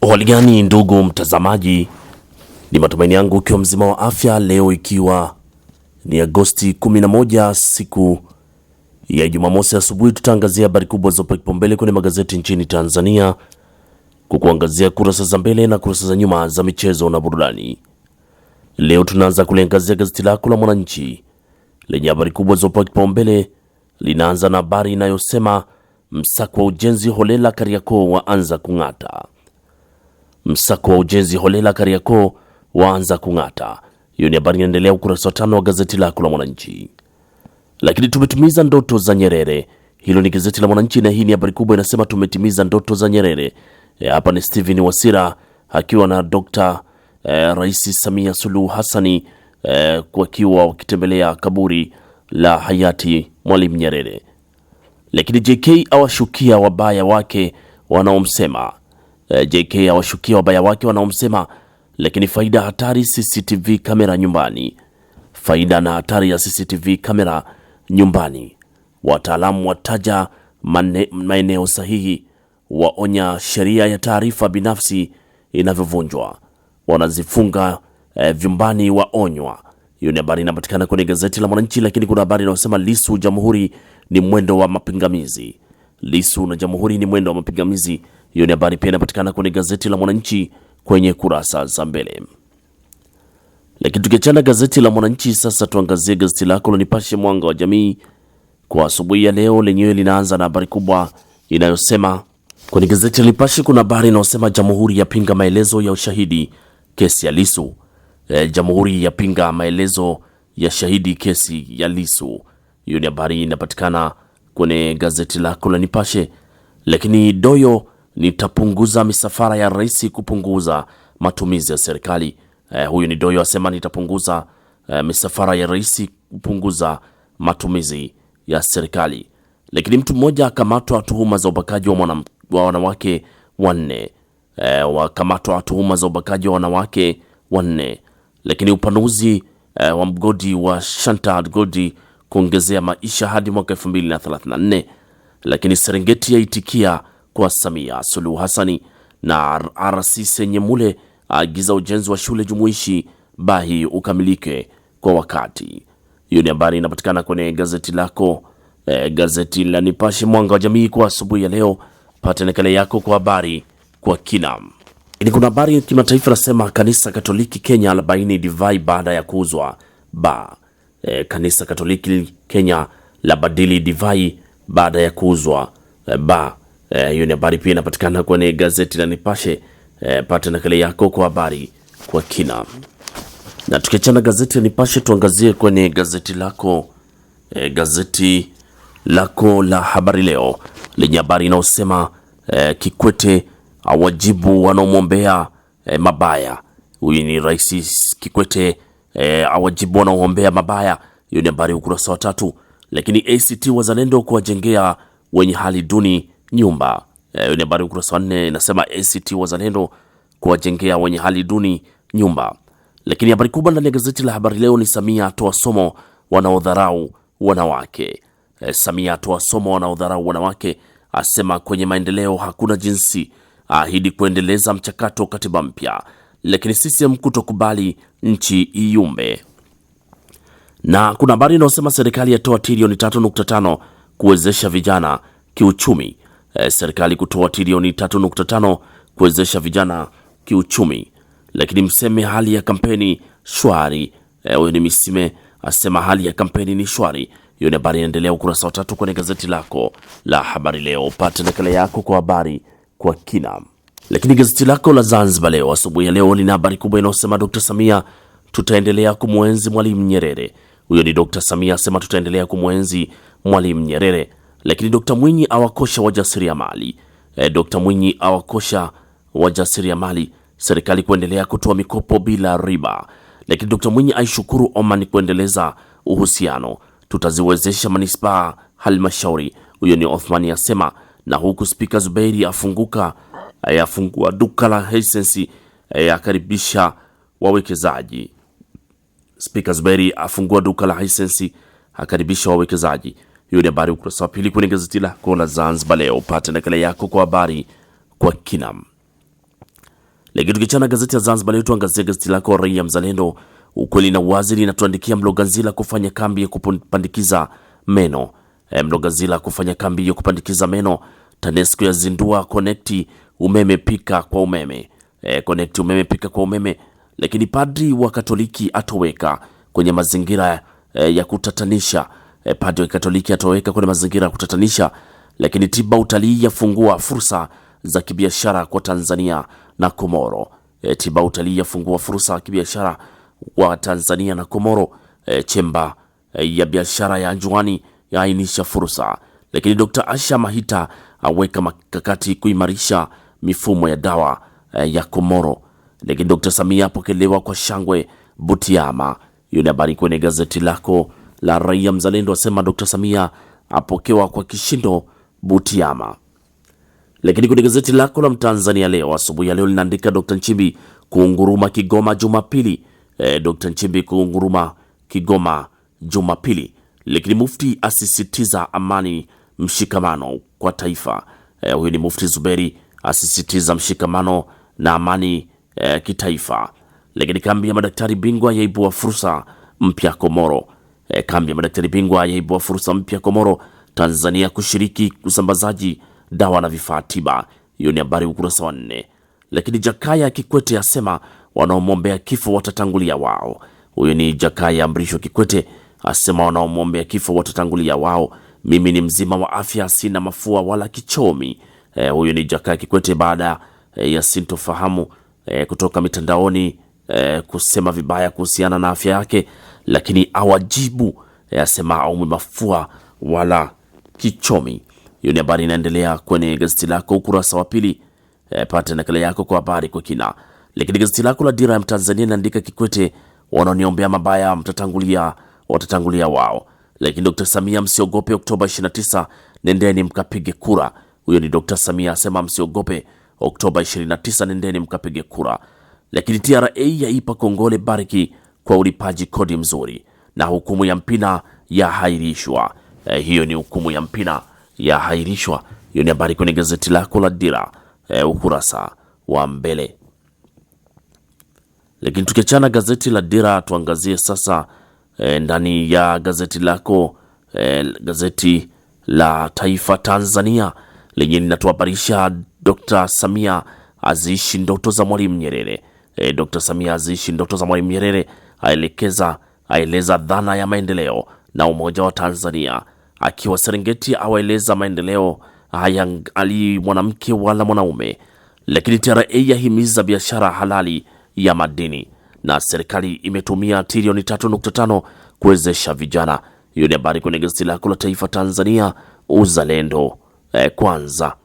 Hali gani ndugu mtazamaji, ni matumaini yangu ukiwa mzima wa afya leo, ikiwa ni Agosti 11 siku ya Jumamosi asubuhi, tutaangazia habari kubwa zopa kipaumbele kwenye magazeti nchini Tanzania, kukuangazia kurasa za mbele na kurasa za nyuma za michezo na burudani. Leo tunaanza kuliangazia gazeti lako la Mwananchi lenye habari kubwa zopa kipaumbele. Linaanza na habari inayosema msako wa ujenzi holela Kariakoo waanza kung'ata Msako wa ujenzi holela Kariakoo waanza kung'ata. Hiyo ni habari inaendelea ukurasa wa tano wa gazeti lako la Mwananchi. Lakini tumetimiza ndoto za Nyerere, hilo ni gazeti la Mwananchi na hii ni habari kubwa inasema, tumetimiza ndoto za Nyerere. E, hapa ni Steven Wasira akiwa na Dr. e, Rais Samia Suluhu Hassani e, wakiwa wakitembelea kaburi la hayati Mwalimu Nyerere. Lakini JK awashukia wabaya wake wanaomsema Eh, JK awashukia wabaya wake wanaomsema, lakini faida hatari CCTV kamera nyumbani. Faida na hatari ya CCTV kamera nyumbani. Wataalamu wataja maeneo sahihi, waonya sheria ya taarifa binafsi inavyovunjwa, wanazifunga eh, vyumbani, waonywa. Hiyo ni habari inapatikana kwenye gazeti la Mwananchi, lakini kuna habari inayosema Lisu Jamhuri ni mwendo wa mapingamizi. Lisu na Jamhuri ni mwendo wa mapingamizi. Hiyo ni habari pia inapatikana kwenye gazeti la Mwananchi kwenye kurasa za mbele. Lakini tukiachana gazeti la Mwananchi, sasa tuangazie gazeti lako la Nipashe Mwanga wa Jamii kwa asubuhi ya leo. Lenyewe linaanza na habari kubwa inayosema kwenye gazeti la Nipashe kuna habari inayosema jamhuri yapinga maelezo ya ushahidi kesi ya Lisu. E, jamhuri yapinga maelezo ya shahidi kesi ya Lisu. Hiyo ni habari inapatikana kwenye gazeti lako la Nipashe. Lakini Doyo nitapunguza misafara ya rais kupunguza matumizi ya serikali. Eh, huyu ni Doyo asema nitapunguza eh, misafara ya rais kupunguza matumizi ya serikali. Lakini mtu mmoja akamatwa tuhuma za ubakaji wa, wa wanawake wanne eh, wakamatwa tuhuma za ubakaji wa wanawake wanne. Lakini upanuzi eh, wa mgodi wa Shantad Godi kuongezea maisha hadi mwaka 2034. Lakini Serengeti yaitikia kwa Samia Suluhu Hassani na RC Nyemule aagiza ujenzi wa shule jumuishi Bahi ukamilike kwa wakati. Hiyo ni habari inapatikana kwenye gazeti lako e, gazeti la Nipashe Mwanga wa Jamii kwa asubuhi ya leo. Pata nakala yako kwa habari kwa kina. Ni kuna habari ya kimataifa nasema kanisa Katoliki Kenya labaini divai baada ya kuuzwa ba. E, kanisa Katoliki Kenya labadili divai baada ya kuuzwa e, ba. Eh, hiyo ni habari pia inapatikana kwenye gazeti la Nipashe. E, pata nakala yako kwa habari kwa kina. Na tukiachana gazeti la Nipashe, tuangazie kwenye gazeti lako e, gazeti lako la Habari Leo lenye habari inayosema e, Kikwete awajibu wanaomwombea e, mabaya. Huyu ni Rais Kikwete e, awajibu wanaomwombea mabaya. Hiyo ni habari ukurasa wa tatu. Lakini ACT Wazalendo kuwajengea wenye hali duni nyumba. Hiyo eh, ni habari ukurasa wa nne, inasema ACT Wazalendo kuwajengea wenye hali duni nyumba. Lakini habari kubwa ndani ya gazeti la Habari Leo ni Samia atoa somo wanaodharau wanawake. E, Samia atoa somo wanaodharau wanawake, asema kwenye maendeleo hakuna jinsi, ahidi kuendeleza mchakato katiba mpya, lakini CCM kutokubali nchi iyumbe. Na kuna habari inayosema serikali yatoa trilioni 3.5 kuwezesha vijana kiuchumi eh, serikali kutoa trilioni 3.5 kuwezesha vijana kiuchumi. Lakini mseme hali ya kampeni shwari huyo, eh, ni misime asema hali ya kampeni ni shwari. Hiyo ni habari inaendelea ukurasa wa tatu kwenye gazeti lako la habari leo, upate nakala yako kwa habari kwa kina. Lakini gazeti lako la Zanzibar leo asubuhi ya leo lina habari kubwa inayosema Dr. Samia, tutaendelea kumwenzi Mwalimu Nyerere. Huyo ni Dr. Samia asema tutaendelea kumwenzi Mwalimu Nyerere lakini Dr. Mwinyi awakosha wajasiriamali e, Dr. Mwinyi awakosha wajasiriamali serikali kuendelea kutoa mikopo bila riba, lakini Dr. Mwinyi aishukuru Oman kuendeleza uhusiano, tutaziwezesha manispaa halmashauri, huyo ni Othmani asema, na huku Spika Zubeiri afunguka e, e, afungua duka la Hisense akaribisha wawekezaji. Spika Zuberi afungua duka la Hisense akaribisha wawekezaji. Hiyo ni habari ukurasa wa pili kwenye gazeti lako la Zanzibar Leo. upate nakala yako kwa habari kwa kina. Lakini tukichana gazeti ya Zanzibar Leo, tuangazie gazeti lako Raia Mzalendo, ukweli na uwazi, linatuandikia Mloganzila kufanya kambi ya kupandikiza meno. E, Mloganzila kufanya kambi ya kupandikiza meno. TANESCO yazindua connect umeme pika kwa umeme. E, eh, connect umeme pika kwa umeme. Lakini padri wa Katoliki atoweka kwenye mazingira eh, ya kutatanisha e, eh, padri wa Katoliki atoweka kwenye mazingira ya kutatanisha, lakini tiba utalii yafungua fursa za kibiashara kwa Tanzania na Komoro. E, tiba utalii yafungua fursa za kibiashara kwa Tanzania na Komoro. E, chemba e, ya biashara ya Anjuani yaainisha fursa, lakini Dr. Asha Mahita aweka makakati kuimarisha mifumo ya dawa e, ya Komoro. Lakini Dr. Samia apokelewa kwa shangwe Butiama. Hiyo ni habari kwenye gazeti lako la raia mzalendo asema Dr. Samia apokewa kwa kishindo Butiama. Lakini kwenye gazeti lako la Mtanzania leo asubuhi ya leo linaandika Dr. Nchimbi kuunguruma Kigoma Jumapili. E, Dr. Nchimbi kuunguruma Kigoma Jumapili. Lakini mufti asisitiza amani mshikamano kwa taifa. E, huyu ni Mufti Zuberi asisitiza mshikamano na amani e, kitaifa. Lakini kambi ya madaktari bingwa yaibua fursa mpya Komoro. E, kambi ya madaktari bingwa yaibua fursa mpya Komoro, Tanzania kushiriki usambazaji dawa na vifaa tiba. Hiyo ni habari ukurasa wa nne. Lakini Jakaya Kikwete asema wanaomwombea kifo watatangulia wao. Huyo ni Jakaya Mrisho Kikwete asema wanaomwombea kifo watatangulia wao. Mimi ni mzima wa afya, sina mafua wala kichomi. E, huyo ni Jakaya Kikwete baada e, ya sintofahamu e, kutoka mitandaoni eh, kusema vibaya kuhusiana na afya yake, lakini awajibu eh, asema aumwe mafua wala kichomi. Hiyo ni habari inaendelea kwenye gazeti lako ukurasa wa pili. E, pata nakala yako kwa habari kwa kina. Lakini gazeti lako la Dira ya Mtanzania inaandika Kikwete, wanaoniombea mabaya mtatangulia, watatangulia wao. Lakini Dr. Samia, msiogope Oktoba 29, nendeni mkapige kura. Huyo ni Dr. Samia asema msiogope Oktoba 29, nendeni mkapige kura lakini TRA yaipa Kongole Bariki kwa ulipaji kodi mzuri na hukumu ya Mpina ya hairishwa E, eh, hiyo ni hukumu ya Mpina ya hairishwa Hiyo ni habari kwenye gazeti lako la Dira e, ukurasa wa mbele. Lakini tukiachana gazeti la Dira, tuangazie sasa e, ndani ya gazeti lako e, gazeti la Taifa Tanzania lenye linatuhabarisha Dr. Samia aziishi ndoto za Mwalimu Nyerere e, Dr. Samia azishi ndoto za Mwalimu Nyerere, aelekeza aeleza dhana ya maendeleo na umoja wa Tanzania. Akiwa Serengeti awaeleza maendeleo ali mwanamke wala mwanaume. Lakini TRA yahimiza biashara halali ya madini na serikali imetumia trilioni 3.5 kuwezesha vijana. Hiyo ni habari kwenye gazeti lako la Taifa Tanzania Uzalendo. E, kwanza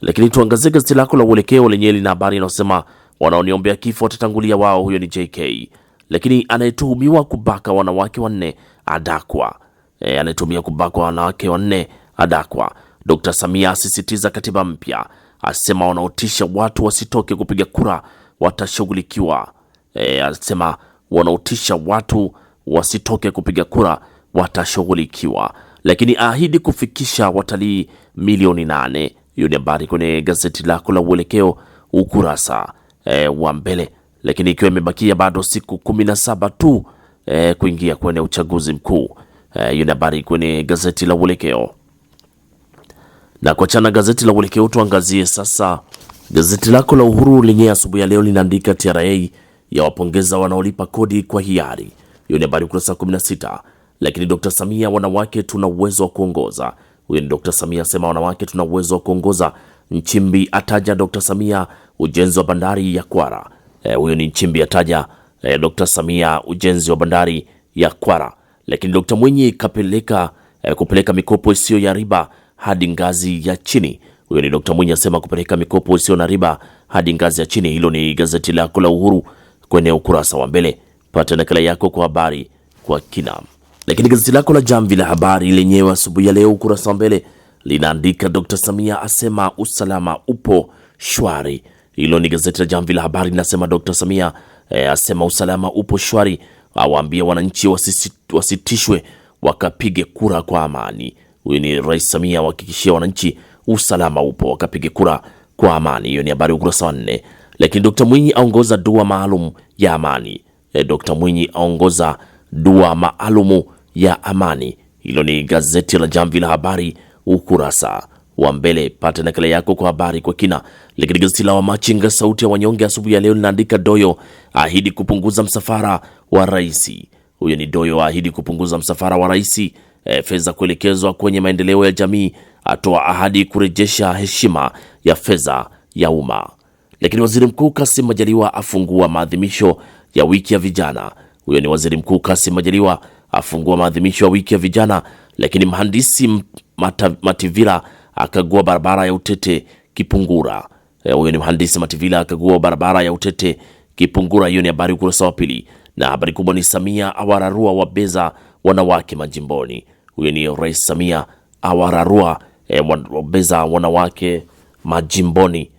lakini tuangazie gazeti lako la Uelekeo lenye lina habari inayosema wanaoniombea kifo watatangulia wao. Huyo ni JK. Lakini anayetuhumiwa kubaka wanawake wanne adakwa. E, anayetuhumiwa kubaka wanawake wanne adakwa. Dr. Samia asisitiza katiba mpya, asema wanaotisha watu wasitoke kupiga kura watashughulikiwa. E, asema wanaotisha watu wasitoke kupiga kura watashughulikiwa. Lakini ahidi kufikisha watalii milioni nane hiyo ni habari kwenye gazeti lako la Uelekeo ukurasa e, wa mbele, lakini ikiwa imebakia bado siku kumi na saba tu e, kuingia kwenye uchaguzi mkuu. Eh, hiyo ni habari kwenye gazeti la Uelekeo. Na kuachana gazeti la Uelekeo, tuangazie sasa gazeti lako la Uhuru lenye asubuhi ya leo linaandika TRA ya wapongeza wanaolipa kodi kwa hiari. Hiyo ni habari ukurasa 16. Lakini Dr. Samia, wanawake tuna uwezo wa kuongoza Huyu ni Dr. Samia asema wanawake tuna uwezo wa kuongoza. Nchimbi ataja Dr. Samia ujenzi wa bandari ya Kwara. Eh, huyu ni Nchimbi ataja e, eh, Dr. Samia ujenzi wa bandari ya Kwara. Lakini Dr. Mwinyi kapeleka e, kupeleka mikopo isiyo ya riba hadi ngazi ya chini. Huyo ni Dr. Mwinyi asema kupeleka mikopo isiyo na riba hadi ngazi ya chini. Hilo ni gazeti lako la Uhuru kwenye ukurasa wa mbele. Pata nakala yako kwa habari kwa kina. Lakini gazeti lako la Jamvi la Habari lenyewe asubuhi ya leo ukurasa wa mbele linaandika Dr. Samia asema usalama upo shwari. Hilo ni gazeti la Jamvi la Habari linasema Dr. Samia e, asema usalama upo shwari, awaambia wananchi wasitishwe wakapige kura kwa amani. Huyu ni Rais Samia awahakikishia wananchi usalama upo wakapige kura kwa amani. Hiyo ni habari ukurasa wa nne. Lakini Dr. Mwinyi aongoza dua maalum ya amani. E, eh, Dr. Mwinyi aongoza dua maalumu ya amani. Hilo ni gazeti la Jamvi la Habari ukurasa wa mbele, pata nakala yako kwa habari kwa kina. Lakini gazeti la Wamachinga sauti ya wanyonge asubuhi ya leo linaandika Doyo ahidi kupunguza msafara wa rais. Huyo ni Doyo ahidi kupunguza msafara wa rais, e, fedha kuelekezwa kwenye maendeleo ya jamii, atoa ahadi kurejesha heshima ya fedha ya umma. Lakini waziri mkuu Kassim Majaliwa afungua maadhimisho ya wiki ya vijana. Huyo ni waziri mkuu Kassim Majaliwa afungua maadhimisho ya wiki ya vijana, lakini mhandisi Mativila akagua barabara ya Utete Kipungura. Eh, huyo ni mhandisi Mativila akagua barabara ya Utete Kipungura. Hiyo ni habari ukurasa wa pili, na habari kubwa ni Samia awararua wabeza wanawake majimboni. Huyo ni Rais Samia awararua e, wabeza wanawake majimboni.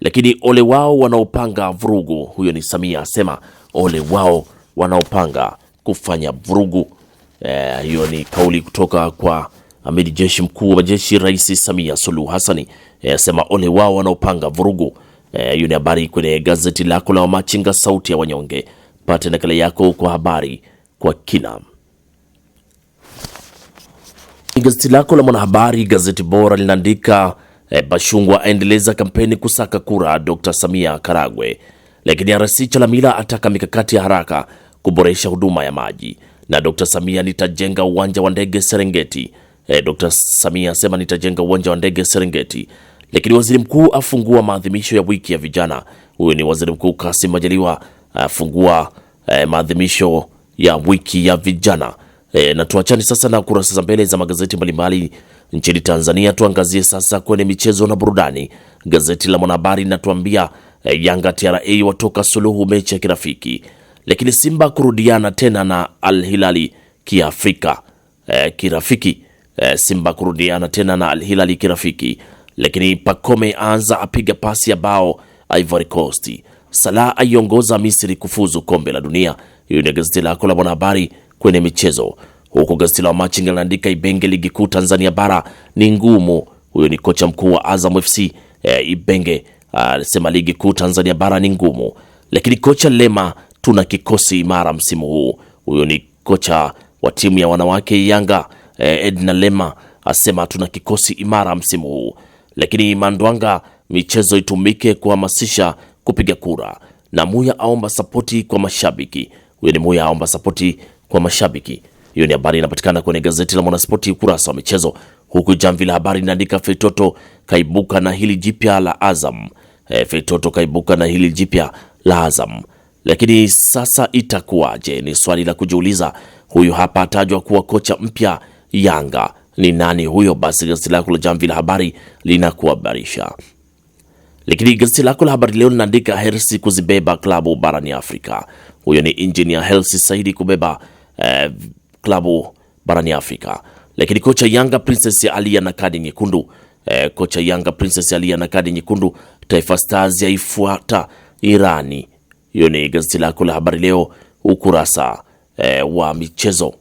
Lakini ole wao wanaopanga vurugu. Huyo ni Samia asema ole wao wanaopanga kufanya vurugu. Eh, hiyo ni kauli kutoka kwa amiri jeshi mkuu wa majeshi Rais Samia Suluhu Hassan eh, asema eh, ole wao wanaopanga vurugu. Eh, hiyo eh, ni habari kwenye gazeti lako la Wamachinga, sauti ya wanyonge. Pate nakala yako kwa habari kwa kina gazeti lako la Mwanahabari, gazeti bora linaandika eh, Bashungwa aendeleza kampeni kusaka kura Dr Samia Karagwe, lakini RC Chalamila ataka mikakati ya haraka kuboresha huduma ya maji. Na Dr. Samia, nitajenga uwanja wa ndege Serengeti. E, eh, Dr. Samia asema nitajenga uwanja wa ndege Serengeti. Lakini waziri mkuu afungua maadhimisho ya wiki ya vijana. Huyu ni waziri mkuu Kassim Majaliwa afungua e, maadhimisho ya wiki ya vijana. E, na tuachane sasa na kurasa za mbele za magazeti mbalimbali nchini Tanzania. Tuangazie sasa kwenye michezo na burudani. Gazeti la Mwanahabari linatuambia e, Yanga TRA watoka suluhu mechi ya kirafiki lakini Simba kurudiana tena na Al Hilali kiafrika e, kirafiki e, Simba kurudiana tena na Al Hilali kirafiki, lakini Pakome aanza apiga pasi ya bao Ivory Coast, Salah aiongoza Misri kufuzu kombe la dunia. Hiyo ni gazeti lako la mwanahabari kwenye michezo, huku gazeti la Wamachinga linaandika Ibenge ligi kuu Tanzania bara ni ngumu. Huyo ni kocha mkuu wa Azam FC e, eh, Ibenge ah, alisema ligi kuu Tanzania bara ni ngumu, lakini kocha Lema tuna kikosi imara msimu huu. Huyo ni kocha wa timu ya wanawake Yanga eh, Edna Lema asema tuna kikosi imara msimu huu. Lakini Mandwanga, michezo itumike kuhamasisha kupiga kura, na Muya aomba sapoti kwa mashabiki. Huyo ni Muya aomba sapoti kwa mashabiki. Hiyo ni habari inapatikana kwenye gazeti la Mwanaspoti ukurasa wa michezo, huku jamvi la habari inaandika Fetoto kaibuka na hili jipya la Azam. E, eh, Fetoto kaibuka na hili jipya la Azam. Lakini sasa itakuwaje? Ni swali la kujiuliza. Huyu hapa atajwa kuwa kocha mpya Yanga. Ni nani huyo? Basi gazeti lako la Jamvi la Habari linakuhabarisha. Lakini gazeti lako la Habari Leo linaandika Hersi kuzibeba klabu barani Afrika. Huyo ni injinia Hersi Saidi kubeba eh, klabu barani Afrika. Lakini kocha Yanga Princess Alia na kadi nyekundu eh, kocha Yanga Princess Alia na kadi nyekundu. Taifa Stars yaifuata Irani hiyo ni gazeti lako la Habari Leo ukurasa e, wa michezo.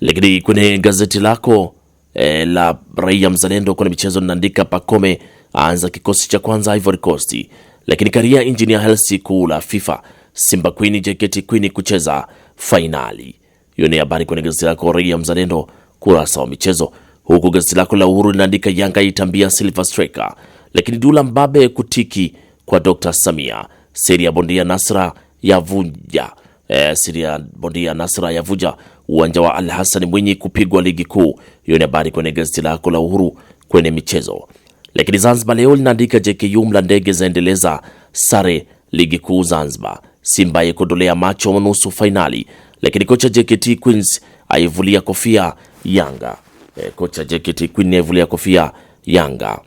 Lakini kwenye gazeti lako e, la Raia Mzalendo kwenye michezo linaandika Pakome aanza kikosi cha kwanza Ivory Coast, lakini Karia Engineer Hersi kuula FIFA Simba Queen JKT Queen kucheza fainali. Hiyo ni habari kwenye gazeti lako Raia Mzalendo kurasa wa michezo, huku gazeti lako la Uhuru linaandika Yanga itambia Silver Striker, lakini Dula Mbabe kutiki kwa Dr. Samia. Siri ya bondia Nasra yavuja e, eh, siri ya bondia Nasra yavuja uwanja wa Al Hassan Mwinyi kupigwa ligi kuu. Hiyo ni habari kwenye gazeti lako la Uhuru kwenye michezo. Lakini Zanzibar leo linaandika JKU mla ndege zaendeleza sare ligi kuu Zanzibar. Simba yakodolea macho nusu fainali. Lakini kocha JKT Queens aivulia kofia Yanga. E, kocha JKT Queens aivulia kofia Yanga.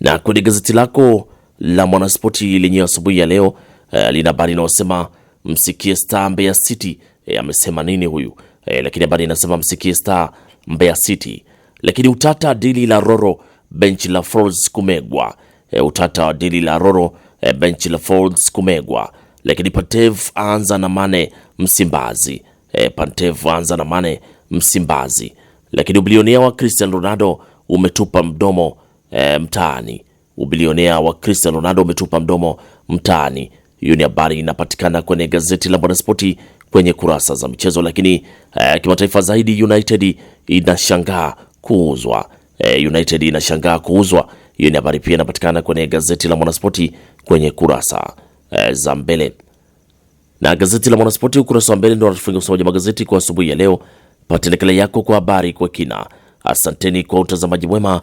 Na kwenye gazeti lako la Mwanaspoti lenye asubuhi ya leo eh, lina habari inayosema msikie star Mbeya City eh, amesema nini huyu eh, lakini habari inasema msikie star Mbeya City, lakini utata dili la Roro benchi la Folds kumegwa eh, utata wa dili la Roro eh, benchi la Folds kumegwa, lakini Pantev anza na Mane Msimbazi eh, Pantev anza na Mane Msimbazi, lakini ubilionea wa Cristiano Ronaldo umetupa mdomo e, mtaani. Ubilionea wa Cristiano Ronaldo umetupa mdomo mtaani. Hiyo ni habari inapatikana kwenye gazeti la Mwanaspoti kwenye kurasa za michezo. Lakini e, kimataifa zaidi, United inashangaa kuuzwa. E, United inashangaa kuuzwa. Hiyo ni habari pia inapatikana kwenye gazeti la Mwanaspoti kwenye kurasa e, za mbele na gazeti la Mwanaspoti ukurasa wa mbele ndio natufungia usomaji wa magazeti kwa asubuhi ya leo. Pata nakala yako kwa habari kwa kina. Asanteni kwa utazamaji mwema